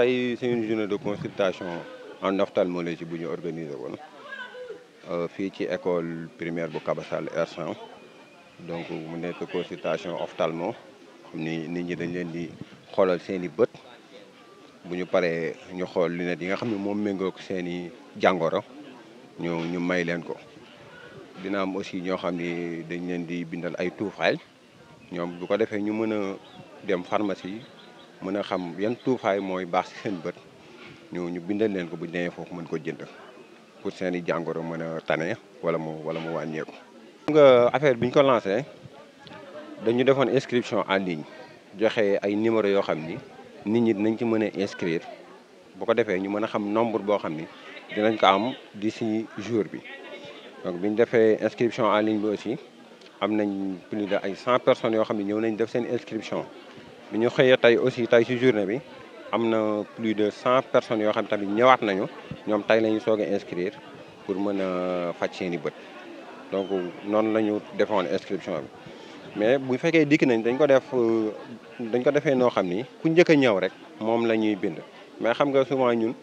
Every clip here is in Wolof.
ay c'est une journée de consultation en ophtalmologie bu ñu organisé woon euh, fii ci école primaire bu Kabassal R100 donc mu nekk consultation ophtalmo ni nit ñi dañ leen di xoolal seen i bët bu ñu paree ñu xool lunettes yi nga xam ne moom méngoog seen seeni jàngoro ñu ñu may leen ko dina am aussi ñoo xam ni dañ leen di bindal ay tuufaay ñoom bu ko defee ñu mën a dem pharmacie mën a xam yan tuufaay mooy baax si seen bët ñu ñu bindal leen ko bu demee foofu mën ko jënd pour seen i jàngoro mën a tane wala mu wala mu wàññeeku. xam nga affaire bi ñu ko lancé dañu defoon inscription en ligne joxe ay numéro yoo xam ni nit ñi dinañ ci mën a inscrire bu ko defee ñu mën a xam nombre boo xam ni dinañ ko am d'ici jour bi donc bi ñu defee inscription en ligne bi aussi am nañ plus de ay cent personnes yoo xam ni ñëw nañ def seen inscription. bi ñu xëyee tey aussi tey si journée bi am na plus de cent personnes yoo xam tamit ñëwaat nañu ñoom tey la ñu soog a pour mën a faj seen i bët donc noonu la ñu defoon inscription bi mais bu fekkee dikk nañ dañ ko def euh, dañ ko defee noo xam ni ku njëkk a ñëw rek moom la ñuy bind mais xam nga souvent ñun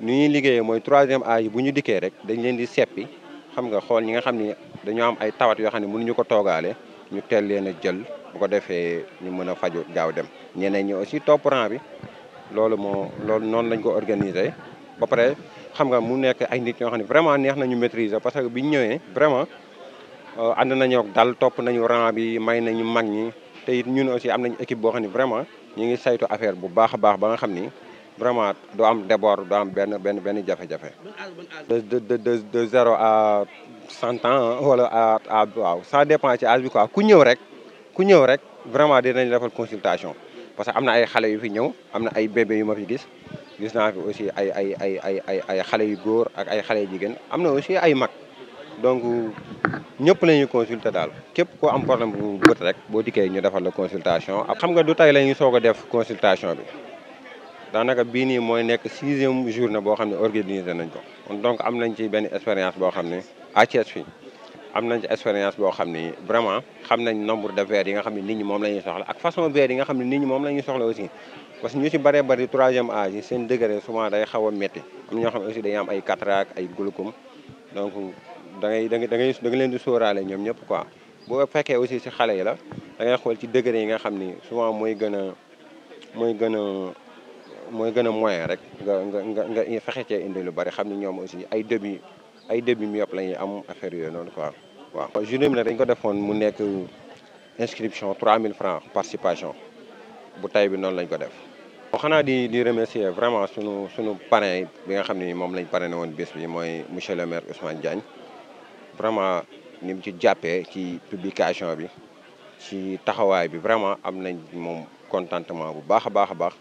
ni ñuy liggéeyee mooy troisième âge bu ñu dikkee rek dañ leen di seppi xam nga xool ñi nga xam ni dañoo am ay tawat yoo xam ne mënuñu ko toogaale ñu teel leen a jël boo ko defee ñu mën a faju gaaw dem ñenee ñi aussi topp rang bi loolu moo loolu noonu lañ ko organiser ba pare xam nga mu nekk ay nit ñoo xam ne vraiment neex nañu maîtriser parce que biñ ñëwee vraiment euh, ànd nañoo dal topp nañu rang bi may nañu mag ñi tey it ñun aussi am nañu équipe boo xam ne vraiment ñu ngi saytu affaire bu baax a baax ba nga xam ni vraiment doo am débord doo benn benn benn jafe-jafe. de de de de zéro à cent ans wala à à waaw ça dépend ci âge bi quoi ku ñëw rek. ku ñëw rek vraiment dinañ defal consultation parce que am na ay xale yu fi ñëw am na ay bébé yu ma fi gis gis naa fi aussi ay ay ay ay ay ay xale yu góor ak ay xale yu jigéen am na aussi ay mag donc ñëpp la ñuy consulter daal képp koo am problème bu bët rek boo dikkee ñu defal la consultation. xam nga du tey la ñuy soog a def consultation bi daanaka bii nii mooy nekk sixième journée boo xam ne organisé nañ ko donc am nañ ci benn expérience boo xam ne à Thiès am nañ ci expérience boo xam ni vraiment xam nañ nombre de verres yi nga xam ne nit ñi moom la ñuy soxla ak façon verres yi nga xam ne nit ñi moom la ñuy soxla aussi parce que ñu ci bëree bëri troisième âge yi seen degré souvent day xaw a métti am ñoo xam ne aussi dañuy am ay cataracte ay glaucome donc da ngay da ngay da da leen di sóoraale ñoom ñëpp quoi boo fekkee aussi si xale yi la da xool ci degré yi nga xam ni souvent mooy gën a mooy gën a mooy gën a moyen rek nga nga nga nga fexe cee indi lu bëri xam ni ñoom aussi ay début ay début mi yëpp am affaire yooyu non quoi waaw. journée bi nag dañ ko defoon mu nekk inscription 3000 francs participation bu tay bi non lañ ko def. xanaa di di remercier vraiment sunu sunu parrain bi nga xamni mom lañ parrainé won bés bi moy monsieur le maire Ousmane Diagne vraiment nim ci jappé ci publication bi ci taxaway bi vraiment am nañ mom contentement bu baax a baax a baax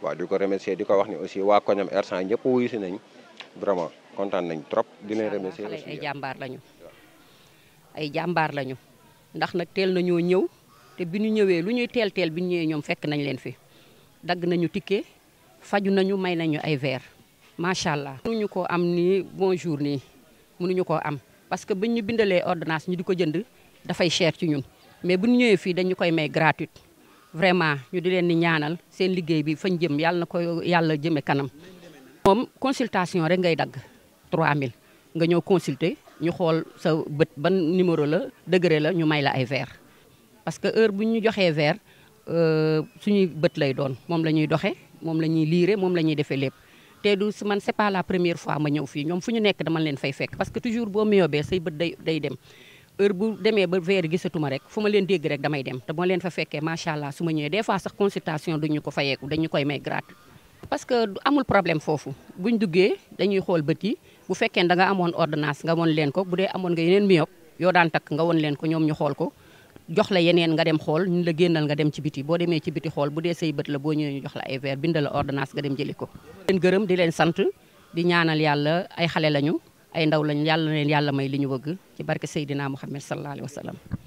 waaw di ko remercier di ko wax ni aussi waa koñam R100 ñëpp wuyu si nañ vraiment. kontaan nañ trop di leen remercier aussi ay jàmbaar lañu ay jàmbaar lañu ndax nag teel nañoo ñëw te bi ñu ñëwee lu ñuy teel teel bi ñu ñëwee ñoom fekk nañ leen fi dagg nañu ticket faju nañu may nañu ay verre macha allah. mënuñu ko am nii bonjour nii mënuñu ko am parce que buñ ñu bindalee ordinance ñu di ko jënd dafay cher ci ñun mais bu ñu ñëwee fii dañu koy may gratuite vraiment ñu di leen di ñaanal seen liggéey bi fañ jëm yàlla na ko yàlla jëme kanam. moom consultation rek ngay dagg. 3000 nga ñëw consulter ñu xool sa bët ban numéro la degré la ñu may la ay ver parce que heure bu ñu joxee ver verre euh, suñuy bët lay doon moom la ñuy doxee moom la ñuy liire moom la ñuy defee lépp te du man c'est pas la première fois ma ñëw fii ñoom fu ñu nekk dama leen fay fekk parce que toujours boo méyobee say bët day day dem heure bu demee ba verre gisatuma rek fu ma leen dégg rek damay dem te ma leen fa fekkee macha allah su ma ñëwee des fois sax consultation duñu ko fayeeku dañu koy may gratuit parce que amul problème foofu buñ duggee dañuy xool bët yi bu fekkee ne da amoon ordonnance nga won leen ko bu dee amoon nga yeneen myope yoo daan takk nga won leen ko ñoom ñu xool ko jox la yeneen nga dem xool ñu la génnal nga dem ci biti boo demee ci biti xool bu dee say bët la boo ñëwee ñu jox la ay verre bindal la ordonnance nga dem jëli ko. leen gërëm di leen sant di ñaanal yàlla ay xale lañu ay ndaw lañu yàlla leen yàlla may li ñu bëgg ci barke Seydina Muhammad sallallahu alayhi wa sallam